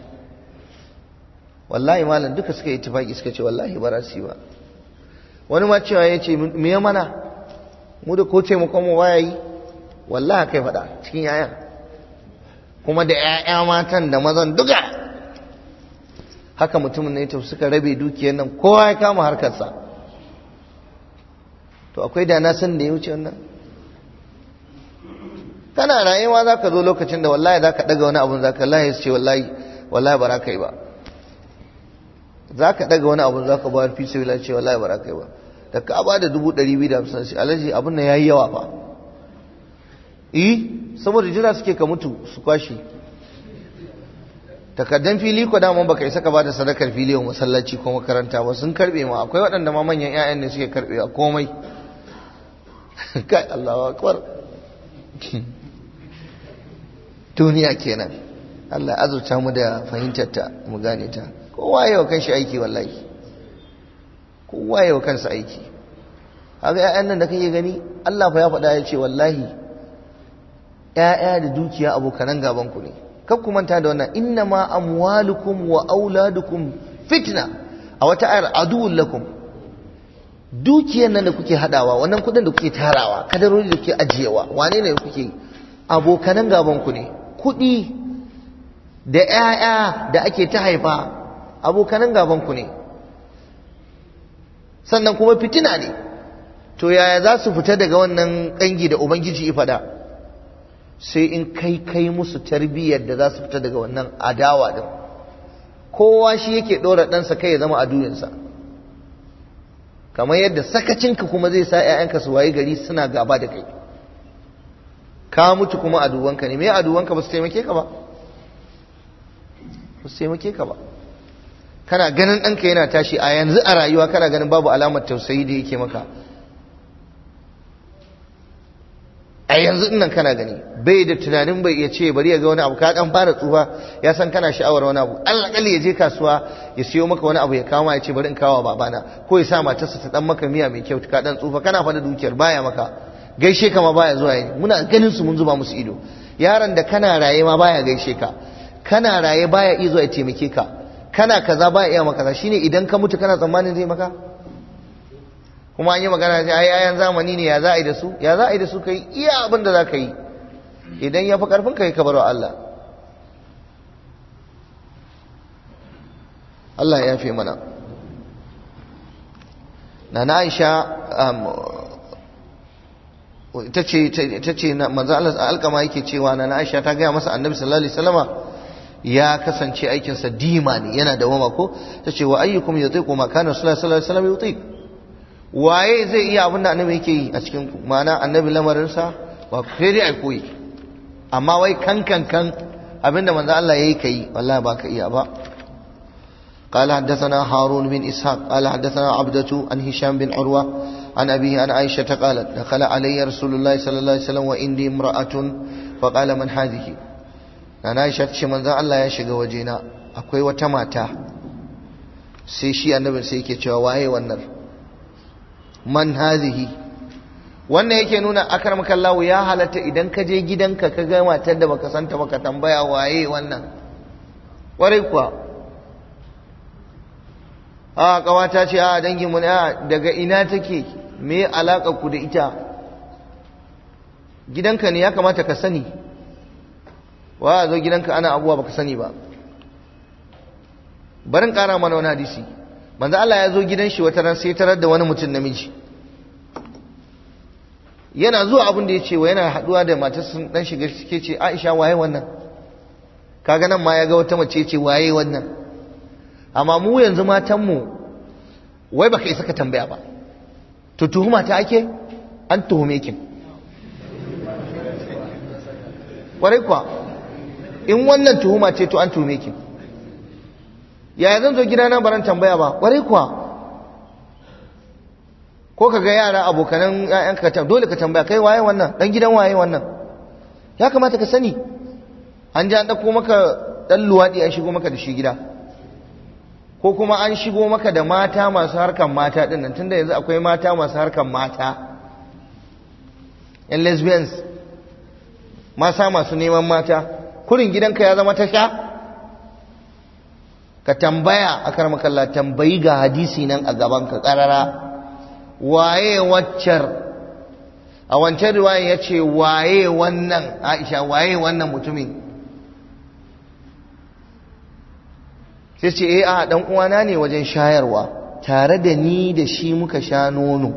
[SPEAKER 1] wallahi malam duka suka yi tufaki suka ce wallahi ba ba wani ma cewa ya ce mu ya mana mu da ko taimakon mu baya yi wallahi kai faɗa cikin yayan kuma da 'ya'ya matan da mazan duka haka mutumin ne tafi suka rabe dukiyar nan kowa ya kama harkarsa to akwai da na san da ya wuce wannan kana rayuwa za ka zo lokacin da wallahi za ka ɗaga wani abun za ka lahi ce wallahi wallahi ba ka yi ba za ka ɗaga wani abun za ka ba fi sai ce wallahi ba ka yi ba da ka ba da dubu ɗari biyu da hamsin sai alaji abin nan ya yi yawa fa eh saboda jira suke ka mutu su kwashi takardun fili ko daman baka isa ka ba da sadakar fili wa masallaci ko makaranta ba sun karbe ma akwai waɗanda ma manyan 'ya'yan ne suke karbe a komai kai Allahu akbar duniya kenan Allah azurta mu da fahimtar ta mu gane ta kowa yau kanshi aiki wallahi kowa yau kansa aiki haka ƴaƴan nan da kake gani Allah fa ya faɗa ya ce wallahi ƴaƴa da dukiya abokanan gaban ku ne kar ku manta da wannan inna ma amwalukum wa auladukum fitna a wata ayar aduwwul lakum dukiyar nan da kuke hadawa wannan kudin da kuke tarawa kadarori da kuke ajiyewa wane ne kuke abokanan gaban ku ne kuɗi da 'ya'ya da ake ta haifa abokanan gabanku ne sannan kuma fitina ne to yaya za su fita daga wannan ƙangi da ubangiji ya faɗa sai in kai kai musu tarbiyyar da za su fita daga wannan adawa din kowa shi yake ɗora ɗansa kai ya zama aduyinsa kamar yadda sakacinka kuma zai sa 'ya'yanka su waye gari suna gaba da kai ka mutu kuma aduwanka ne me aduwanka ba su taimake ka ba ba su taimake ka ba kana ganin ɗanka yana tashi a yanzu a rayuwa kana ganin babu alamar tausayi da yake maka a yanzu nan kana gani bai da tunanin bai iya ce bari ya ga wani abu ka dan fara tsufa ya san kana sha'awar wani abu Allah kalli ya je kasuwa ya siyo maka wani abu ya kama ya ce bari in kawo babana ko ya sa matarsa ta dan maka miya mai kyau ka dan tsufa kana fa da dukiyar baya maka gaishe ka ma baya zuwa yi muna ganin su mun zuba musu ido yaron da kana raye ma baya gaishe ka kana raye baya iya zuwa ya taimake ka kana kaza baya iya maka kaza shine idan ka mutu kana tsammanin zai maka kuma an yi magana ce ai ayan zamani ne ya za a yi da su ya za a yi da su kai iya abin da za ka yi idan ya fi karfin ka yi ka barwa Allah Allah ya fi mana na na Aisha um, ita ce ita ce manzo Allah alƙama yake cewa na Aisha ta gaya masa Annabi sallallahu alaihi ya kasance aikinsa dima ne yana da wama ko ce wa ayyukum yutiqu ma kana sallallahu alaihi wasallam yutiq waye zai iya abin da Annabi yake yi a cikin ma'ana Annabi lamarin sa ba fere dai ai koyi amma wai kan kan kan abinda manzo Allah yayi kai wallahi ba ka iya ba قال حدثنا هارون بن إسحاق قال حدثنا عبدة عن هشام بن عروة عن أبيه عن عائشة قالت دخل علي رسول الله صلى الله عليه وسلم وإندي امرأة فقال من هذه عن عائشة شمن ذا الله يشق وجينا أكوي وتماتا سيشي النبي سيكي شواهي والنر man hazihi wannan yake nuna akramaka Allah ya halatta idan ka je gidanka ka ga matar da baka santa baka tambaya waye wannan kwarai kuwa a kawata ce a dangin mu daga ina take me alaƙa ku da ita gidanka ne ya kamata ka sani wa zo gidanka ana abuwa ka sani ba barin ƙara mana wani hadisi manzo Allah ya zo gidan shi wata ran sai tarar da wani mutum namiji yana zuwa abin da ya ce wa yana haɗuwa da matar sun shiga suke ce Aisha waye wannan kaga nan ma ya ga wata mace ce waye wannan amma mu yanzu matanmu wai baka isa ka tambaya ba to tuhuma ta ake an tuhume ki kwarai kuwa in wannan tuhuma ce to an tuhume ki yaya zan zo gidana baran tambaya ba Ƙwarai kuwa ko ka ga yara abokanan ƴaƴanka ka dole ka tambaya kai waye wannan dan gidan waye wannan ya kamata ka sani an ji an ɗauko maka ɗan luwaɗi an shigo maka da shi gida ko kuma an shigo maka da mata masu harkan mata din nan tunda yanzu akwai mata masu harkan mata yan lesbians masa masu neman mata kurin gidanka ya zama tasha ka tambaya a karmakalla tambayi ga hadisi nan a gaban ka karara waye waccar a wancan riwayan ya ce waye wannan aisha waye wannan mutumin sai ce eh a dan uwana ne wajen shayarwa tare da ni da shi muka sha nono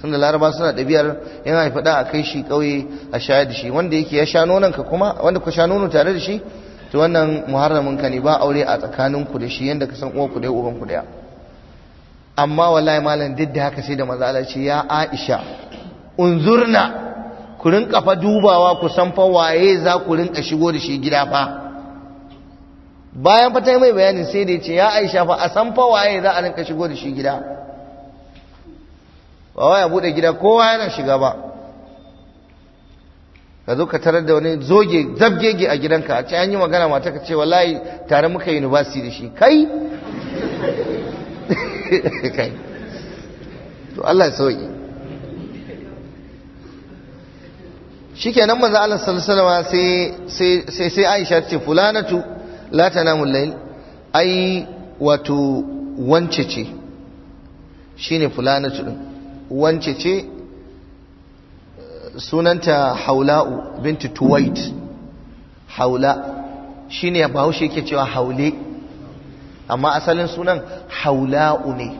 [SPEAKER 1] sun da laraba suna ɗabi'ar yana haifi da a kai shi ƙauye a shayar da shi wanda yake ya sha nonon ka kuma wanda ku sha nono tare da shi to wannan muharramin ka ne ba aure a tsakanin ku da shi yanda ka san uwa ku ɗaya uban ku ɗaya amma wallahi malam duk da haka sai da maza Allah ce ya Aisha unzurna ku rinka fa dubawa ku san fa waye za ku rinka shigo da shi gida fa bayan fata mai bayanin sai da ya ce ya aisha fa a san fa waye za a rinka shigo da shi gida ba waya bude gida kowa yana shiga ba ka zo ka tarar da wani zoge zabgege a gidanka a ce an yi magana mata ka ce wallahi tare muka yi nubasi da shi kai kai to Allah ya sauki shikenan maza Allah sallallahu alaihi wasallam sai sai sai Aisha ce fulanatu la namun layl ai wato wance ce Shi shine fulanatu din wance ce eh, sunanta haula'u binti tuwait haula shine bahaushe yake cewa haule amma asalin sunan haula'u ne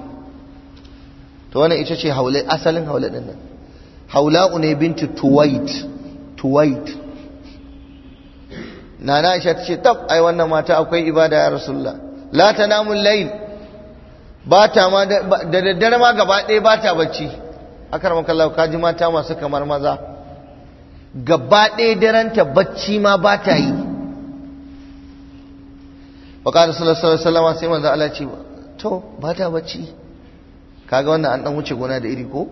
[SPEAKER 1] to wani ita ce haule asalin haule din nan haula'u ne binti tuwait tuwait nana aisha ta ce tab ai wannan mata akwai ibada ya rasulullah la namun layl ba ta ma da daddare ma gaba ɗaya ba ta bacci akarmaka Allah ka ji mata masu kamar maza gaba ɗaya daranta bacci ma ba ta yi da sallallahu alaihi sai manzo Allah ce to ba ta bacci kaga wannan an dan wuce gona da iri ko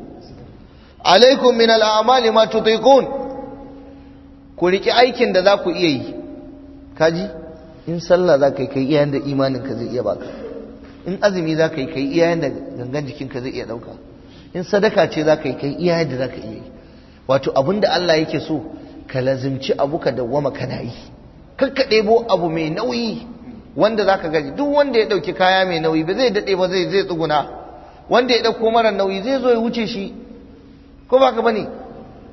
[SPEAKER 1] alaikum min al'amali ma tutiqun ku riki aikin da za ku iya yi kaji in sallah za ka yi kai iyayen da imanin ka zai iya baka in azumi za ka yi kai iyayen da gangan jikin ka zai iya dauka in sadaka ce za ka yi kai iyayen da za ka iya yi wato abin da Allah yake so ka lazimci abu ka dawwama kana yi kar ka ɗebo abu mai nauyi wanda za ka gaji duk wanda ya ɗauki kaya mai nauyi ba zai daɗe ba zai zai tsuguna wanda ya ɗauko mara nauyi zai zo ya wuce shi ko ba ka bane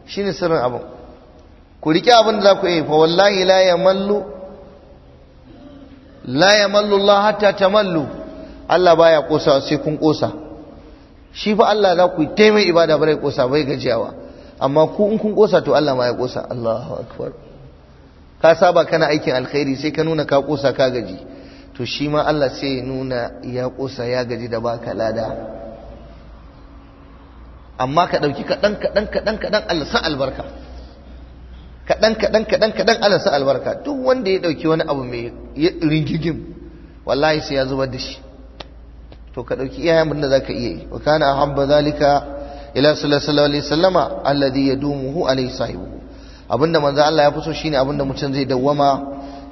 [SPEAKER 1] shine sirrin abin ku riƙe abin da za ku yi fa wallahi la yamallu la ya Allah hatta tamallu Allah baya kosa sai kun kosa shi fa Allah za ku yi ibada bare kosa bai gajiyawa amma ku in kun kosa to Allah ma ya kosa Allahu akbar ka saba kana aikin alkhairi sai ka nuna ka kosa ka gaji to shi ma Allah sai ya nuna ya kosa ya gaji da baka lada amma ka dauki ka dan ka dan Allah sa albarka kaɗan kaɗan kaɗan kaɗan ana sa albarka duk wanda ya ɗauki wani abu mai ringigim wallahi sai ya zubar da shi to ka ɗauki iya yamin da za ka iya yi wa kana ahabba zalika ila sallallahu alaihi sallama alladhi yadumuhu alaihi sahibu abinda manzo Allah ya fi so shine abinda mutum zai dawwama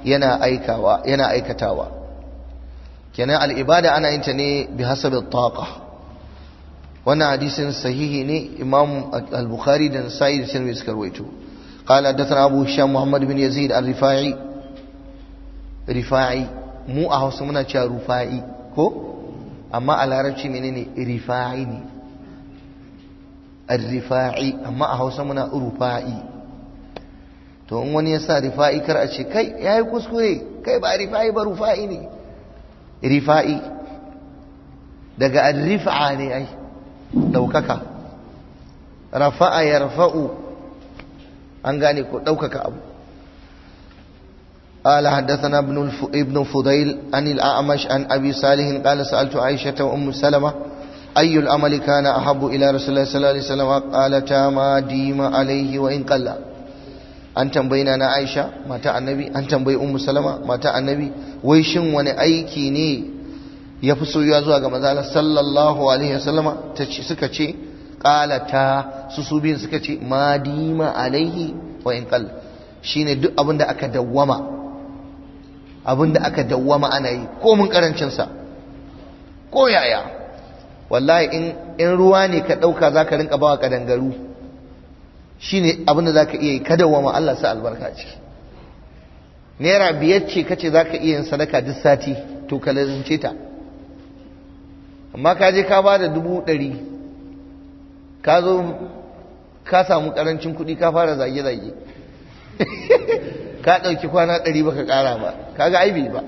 [SPEAKER 1] yana aikawa yana aikatawa kenan al ibada ana yin ta ne bi hasabi taqa wannan hadisin sahihi ne imam al-bukhari da nasa'i da tirmidhi suka rawaito قال حدثنا أبو هشام محمد بن يزيد الرفاعي رفاعي mu a hausa muna cewa rufa'i ko amma a larabci menene rifa'i ne rifa'i amma a hausa muna rufa'i to wani ya rifa'i kar a ce kai ya yi kuskure kai ba rifa'i ba rufa'i ne rifa'i daga rifa'a ne ai ɗaukaka rafa'a ya rafa'u an gane ko ɗaukaka abu قال حدثنا ابن ابن فضيل عن الأعمش عن أبي صالح قال سألت عائشة وأم سلمة أي العمل كان أحب إلى رسول الله صلى الله عليه وسلم قالتا ما ديم عليه وإن قل an tambayi na Aisha mata annabi an tambayi Ummu Salama mata annabi wai shin wani aiki ne ya fi soyuwa zuwa ga manzo sallallahu alaihi wasallama suka ce qalata su su biyun suka ce ma dima alaihi wa in qalla shine duk abin da aka dawwama abin da aka dawwama ana yi ko mun karancin sa ko yaya wallahi in in ruwa ne ka dauka zaka rinka bawa kadangaru shine abin da zaka iya yi ka dawwama Allah sa albarka ciki naira biyar ce kace zaka iya yin sadaka duk sati to ka lazimce ta amma ka je ka ba da dubu ɗari ka zo ka samu karancin kuɗi ka fara zage-zage ka ɗauki kwana ɗari baka ƙara ba ka ga aibi ba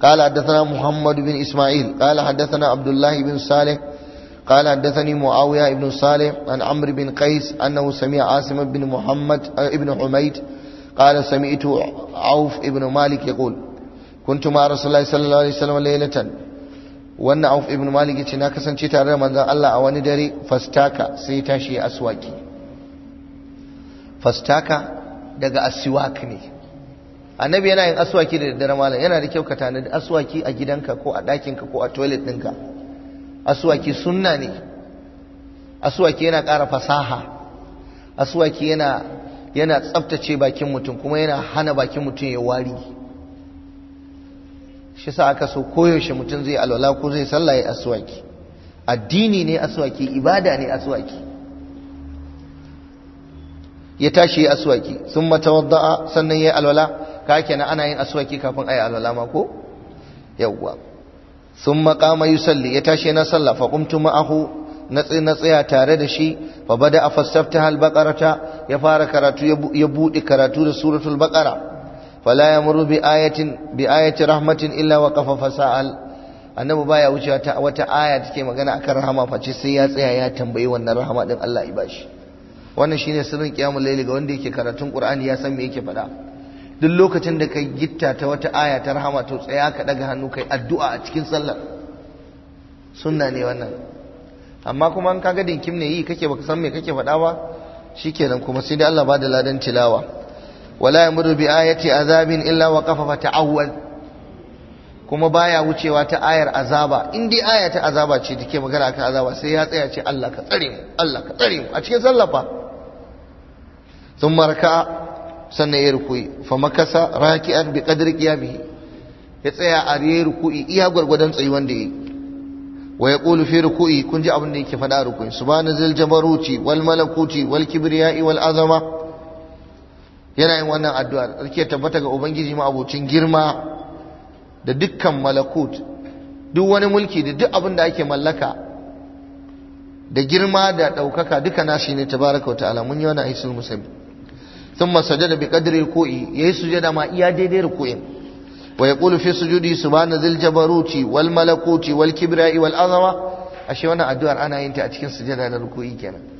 [SPEAKER 1] قال حدثنا محمد بن إسماعيل قال حدثنا عبد الله بن صالح قال حدثني معاوية بن صالح عن عمرو بن قيس أنه سمع عاصم بن محمد ابن حميد قال سمعت عوف بن مالك يقول كنت مع رسول الله صلى الله عليه وسلم ليلة wannan auf ibn malik ce na kasance tare da manzon Allah a wani dare fastaka sai tashi ya aswaki fastaka daga aswak ne annabi yana yin aswaki da daddare malam yana da kyau ka tanadi aswaki a gidanka ko a ɗakinka ko a toilet ɗinka aswaki sunna ne aswaki yana ƙara fasaha aswaki yana yana tsaftace bakin mutum kuma yana hana bakin mutum ya wari shi sa aka so koyaushe mutum zai alwala ko zai sallah ya aswaki addini ne aswaki ibada ne aswaki ya tashi ya aswaki sun matawadda'a sannan ya alwala ka kenan ana yin aswaki kafin a yi alwala ma ko yawwa sun makama yi salli ya tashi na sallah fa ma'ahu na tsaya tare da shi fa bada a fassafta halbaƙarata baƙarata ya fara karatu ya buɗe karatu da suratul baƙara fala ya bi ayatin bi ayati rahmatin illa fasal annabi baya wucewa ta wata aya take magana akan rahama face sai ya tsaya ya tambayi wannan rahama din Allah ya bashi wannan shine sirrin kiyamul laili ga wanda yake karatun qur'ani ya san me yake faɗa duk lokacin da kai gitta ta wata aya ta rahama to tsaya ka daga hannu kai addu'a a cikin sallar sunna ne wannan amma kuma an kaga dinkim ne yi kake baka san me kake faɗa ba shikenan kuma sai dai Allah ba da ladan tilawa wala yamuru bi ayati azabin illa waqafa fa ta'awwal kuma baya wucewa ta ayar azaba in dai aya ta azaba ce take magana akan azaba sai ya tsaya ce Allah ka tsare mu Allah ka tsare mu a cikin sallafa sun marka sannan ya rukui, fa makasa raki'an bi qadri qiyamihi ya tsaya a yayi ruku'i iya gwargwadon tsayi wanda yayi wa yaqulu fi ruku'i kun ji abin da yake fada ruku'i subhana jabaruti wal malakuti wal kibriyai wal azama yana yin wannan addu'a take tabbata ga ubangiji ma abucin girma da dukkan malakut duk wani mulki da duk abin da ake mallaka da girma da daukaka duka nashi ne tabaaraka ta'ala mun yi musamman. Sun musabbi thumma sajada bi qadri ya yayi sujada ma iya daidai ruku'in wa yaqulu fi sujudi subhana zil jabaruti wal malakuti wal kibra'i wal azama ashe wannan addu'ar ana yin ta a cikin sujada na ruku'i kenan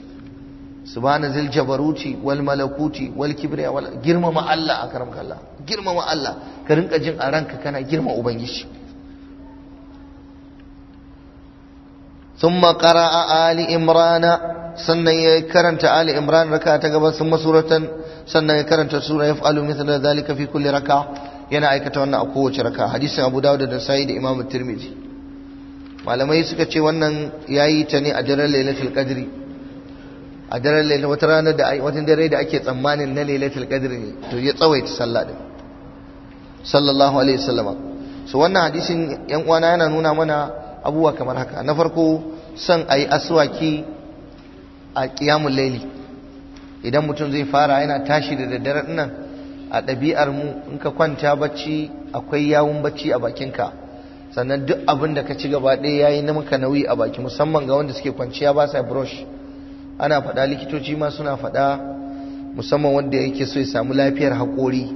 [SPEAKER 1] subhana zil jabaruti wal malakuti wal kibriya wal girmama Allah a karam kalla girmama Allah ka rinka jin a ranka kana girma ubangiji thumma qara'a ali imrana sannan ya karanta Ali Imran raka ta gaba sun masuratan sannan ya karanta sura ya fa'alu mithla zalika fi kulli raka yana aikata wannan a kowace raka hadisin Abu Dawud da Nasa'i da Imam Tirmidhi malamai suka ce wannan yayi ta ne a daren Lailatul Qadri a daren laila wata ranar da wata dare da ake tsammanin na lailatul qadr ne to ya tsawaita sallah din sallallahu alaihi wasallam so wannan hadisin yan uwana yana nuna mana abubuwa kamar haka na farko son ayi aswaki a qiyamul laili idan mutum zai fara yana tashi da daddare nan a ɗabi'ar mu in ka kwanta bacci akwai yawun bacci a bakinka sannan duk abin da ka ci gaba ɗaya yayi na maka nauyi a baki musamman ga wanda suke kwanciya ba sa brush ana faɗa likitoci ma suna faɗa musamman wanda yake so ya samu lafiyar haƙori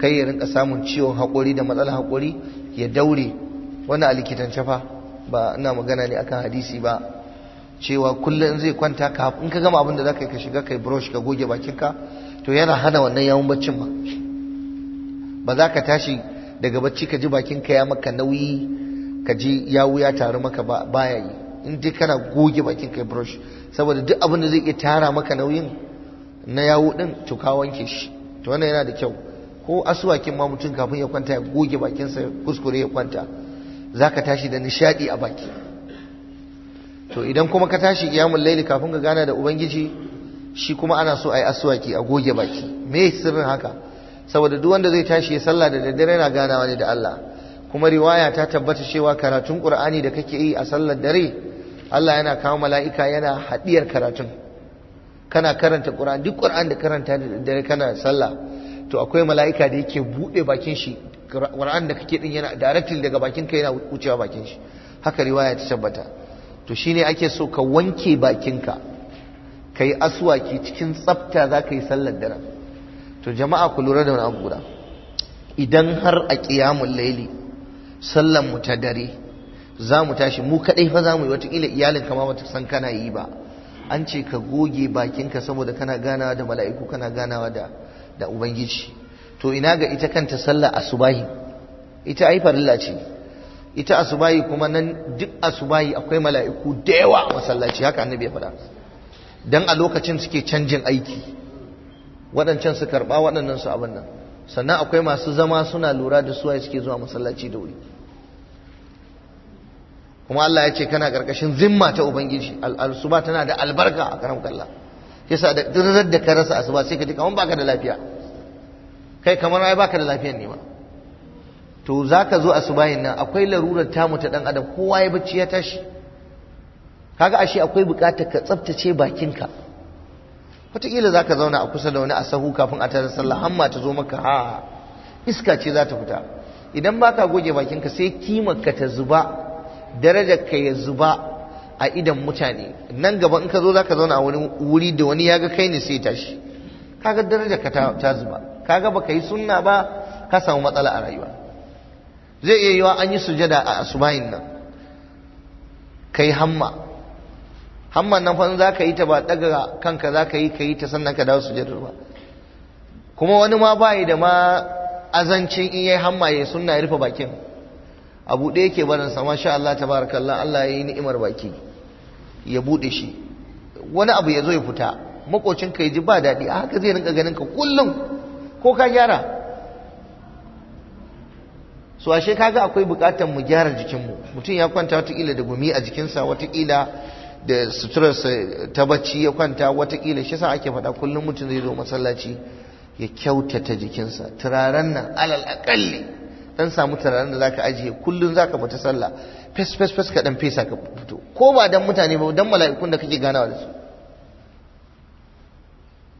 [SPEAKER 1] kai ya rinka samun ciwon haƙori da matsalar haƙori ya daure wani a likitance fa ba ina magana ne akan hadisi ba cewa kullum zai kwanta ka in ka gama abin da za ka ka shiga kai brush ka goge bakinka to yana hana wannan yawun baccin ba ba za ka tashi daga bacci ka ji bakinka ya maka nauyi ka ji yawu ya taru maka ba ya yi in dai kana goge bakin kai brush saboda duk abin da zai iya tara maka nauyin na yawo din to ka wanke shi to wannan yana da kyau ko asuwakin ma mutum kafin ya kwanta ya goge bakinsa kuskure ya kwanta zaka tashi da nishadi a baki to idan kuma ka tashi kiyamul laili kafin ka gana da ubangiji shi kuma ana so a yi asuwaki a goge baki me sirrin haka saboda duk wanda zai tashi ya sallah da daddare yana ganawa ne da Allah kuma riwaya ta tabbata cewa karatun Qur'ani da kake yi a sallar dare Allah yana kawo mala'ika yana haɗiyar karatun kana karanta ƙura’an duk ƙura’an da karanta da dare kana sallah to akwai mala'ika da yake buɗe bakin shi ƙura’an da kake ɗin yana daraktil daga bakin ka yana wucewa bakin shi haka riwaya ta tabbata to shine ake so ka wanke bakinka yi aswaki cikin tsafta za ka yi sallar dare to jama'a ku lura da wani abu idan har a kiyamu laili sallar mu ta dare za mu tashi mu kaɗai fa za mu yi watakila iyalin kama wata san kana yi ba an ce ka goge bakinka saboda kana ganawa da mala'iku kana ganawa da da ubangiji to ina ga ita kanta sallah asubahi ita ai farilla ce ita asubahi kuma nan duk asubahi akwai mala'iku da yawa a masallaci haka annabi ya faɗa dan a lokacin suke canjin aiki waɗancan su karɓa waɗannan su abin nan sannan akwai masu zama suna lura da suwaye suke zuwa masallaci da wuri kuma Allah ya ce kana karkashin zimma ta ubangiji al-suba tana da albarka a karam kallah yasa da dirar da ka rasa asuba sai ka ji kaman baka da lafiya kai kamar ai baka da lafiyan ne ma to zaka zo asubahin nan akwai larurar tamu ta dan adam kowa ya bacci ya tashi kaga ashe akwai buƙatar ka tsaftace bakinka wataƙila za ka zauna a kusa da wani a sahu kafin a tarar sallah hamma ta zo maka ha iska ce za ta fita idan ba ka goge bakinka sai kimar ka ta zuba darajar ka ya zuba a idan mutane nan gaba in ka zo za ka zauna a wani wuri da wani ya ga kai ne sai tashi kaga darajar ka ta zuba kaga baka yi sunna ba ka samu matsala a rayuwa zai iya yiwa an yi sujada a asubahin nan kai hamma hamman nan fa za ka yi ta ba daga kanka za ka yi ka yi ta sannan ka dawo sujadar ba kuma wani ma bayi da ma azancin in yayi hamma ya sunna ya rufe bakin a buɗe yake barin sa masha Allah tabarakallah Allah ya yi ni'imar baki ya buɗe shi wani abu ya zo ya fita makocin ka ji ba daɗi a haka zai rinka ganin ka kullum ko ka gyara su ashe kaga akwai buƙatar mu gyara jikinmu mutum ya kwanta watakila da gumi a jikinsa watakila da suturarsa ta bacci ya kwanta watakila shi sa ake faɗa kullum mutum zai zo masallaci ya kyautata jikinsa turaren nan alal aƙalli dan samu tunanin da zaka ajiye kullun zaka fita sallah fes fes fes ka dan fesa ka fito ko ba dan mutane ba dan mala'ikun da kake ganawa da su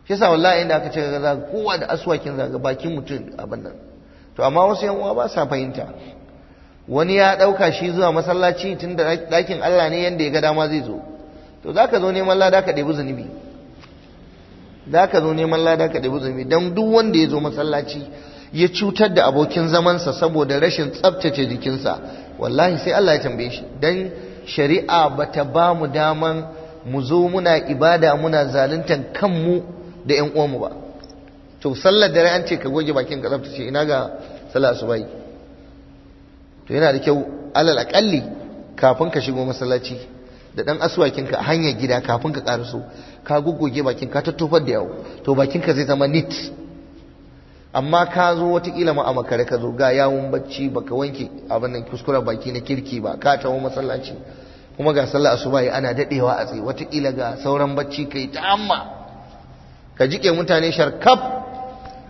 [SPEAKER 1] shi yasa wallahi inda aka ce ga zaka kowa da aswakin zaga bakin mutum abin nan to amma wasu yan uwa ba sa fahimta wani ya dauka shi zuwa masallaci tunda dakin Allah ne yanda ya ga dama zai zo to zaka zo neman lada ka debi zunubi zaka zo neman lada ka debi zunubi dan duk wanda ya zo masallaci ya cutar da abokin zamansa saboda rashin tsabtace jikinsa wallahi sai Allah ya tambaye shi dan shari'a bata ba mu daman mu zo muna ibada muna zaluntan kanmu da ƴan uwanmu ba to sallar dare an ce ka goge bakin ka tsabtace ina ga sallar asubai to yana da kyau alal akalli kafin ka shigo masallaci da dan aswakin ka hanyar gida kafin ka karaso ka goggoge bakin ka tattofar da yawo to bakin ka zai zama neat amma ka zo watakila ma a makare ka zo ga yawon bacci baka wanke abin nan kuskura baki na kirki ba ka tawo masallaci kuma ga sallah asuba yi ana dadewa a tsaye watakila ga sauran bacci kai ta amma ka jike mutane sharkaf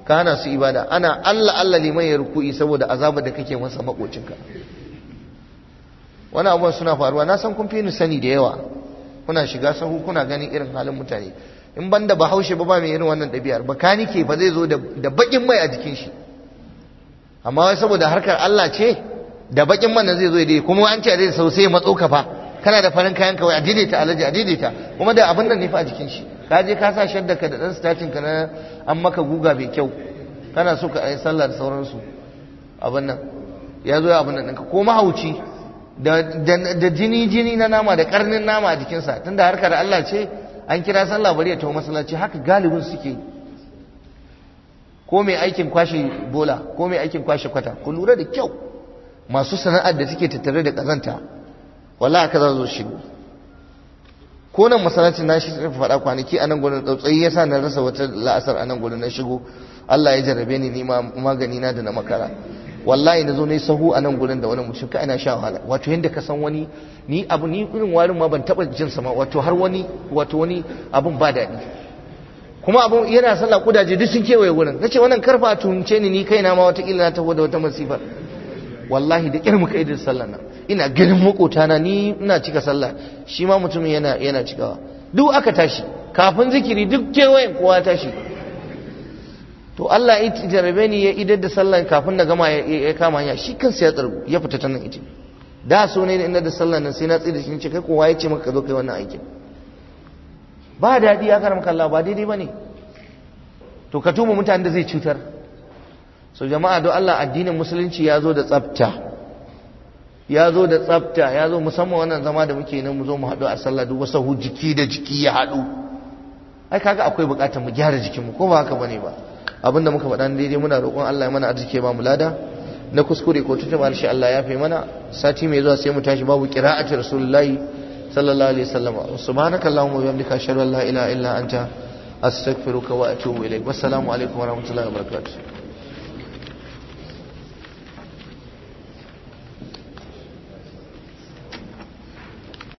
[SPEAKER 1] ka hana su ibada ana Allah Allah liman ya ruku'i saboda azabar da kake masa makocinka wani abubuwan suna faruwa na san kun fi ni sani da yawa kuna shiga sahu kuna ganin irin halin mutane in banda bahaushe ba ba mai irin wannan ɗabi'ar bakanike ba zai zo da baƙin mai a jikin shi amma wai saboda harkar Allah ce da baƙin man zai zo dai kuma an ce a sau sai matso ka fa kana da farin kayan kawai a daidaita alaji a daidaita kuma da abin nan ne fa a jikin shi ka je ka sa shadda ka da ɗan statin ka na an maka guga mai kyau kana so ka yi sallah da sauransu abin nan ya zo ya abin nan ɗinka ko mahauci da jini jini na nama da karnin nama a jikinsa tunda harkar Allah ce an kira sallah bari ya tawo masallaci haka galibin suke ko mai aikin kwashe bola ko mai aikin kwashe kwata ku lura da kyau masu sana'ar da suke tattare da kazanta ka za zo shigo ko nan masallacin na shi faɗa kwanaki a nan gudun tsautsayi sa na rasa wata la'asar a nan gudun na shigo Allah ya jarrabe ni ni magani na da na makara wallahi na zo na yi sahu a nan gurin da wani mutum ka ina sha wahala wato yadda ka san wani ni abu ni irin warin ma ban taɓa jin sama wato har wani wato wani abun ba daɗi kuma abu yana sallah kudaje duk sun kewaye wurin nace wannan karfa tunce ni ni kaina ma wata illa taho da wata masifar wallahi da kirmu muka idin sallah nan ina ganin na ni ina cika sallah shi ma mutumin yana yana cikawa duk aka tashi kafin zikiri duk kewayen kowa tashi to Allah ya jarabe ni ya idar da sallan kafin na gama ya kama hanya shi kansa ya tsargu ya fita ta nan ita da so ne ina da sallan nan sai na tsaye da shi ce kai kowa ya ce maka ka zo kai wannan aikin ba daɗi ya karamka Allah ba daidai ba ne to ka tuma mutane da zai cutar so jama'a don Allah addinin musulunci ya zo da tsafta ya zo da tsafta ya zo musamman wannan zama da muke nan mu zo mu haɗu a sallah duk wasu jiki da jiki ya haɗu ai kaga akwai buƙatar mu gyara jikin mu, ko ba haka bane ba abinda muka faɗa daidai muna roƙon Allah ya mana arziki ba mu lada na kuskure ko tutun alshi Allah ya fi mana sati mai zuwa sai mu tashi babu qira'atu rasulullahi sallallahu alaihi wasallam subhanakallahumma wa bihamdika ashhadu an la ilaha illa anta astaghfiruka wa atubu ilaik wassalamu alaikum warahmatullahi wabarakatuh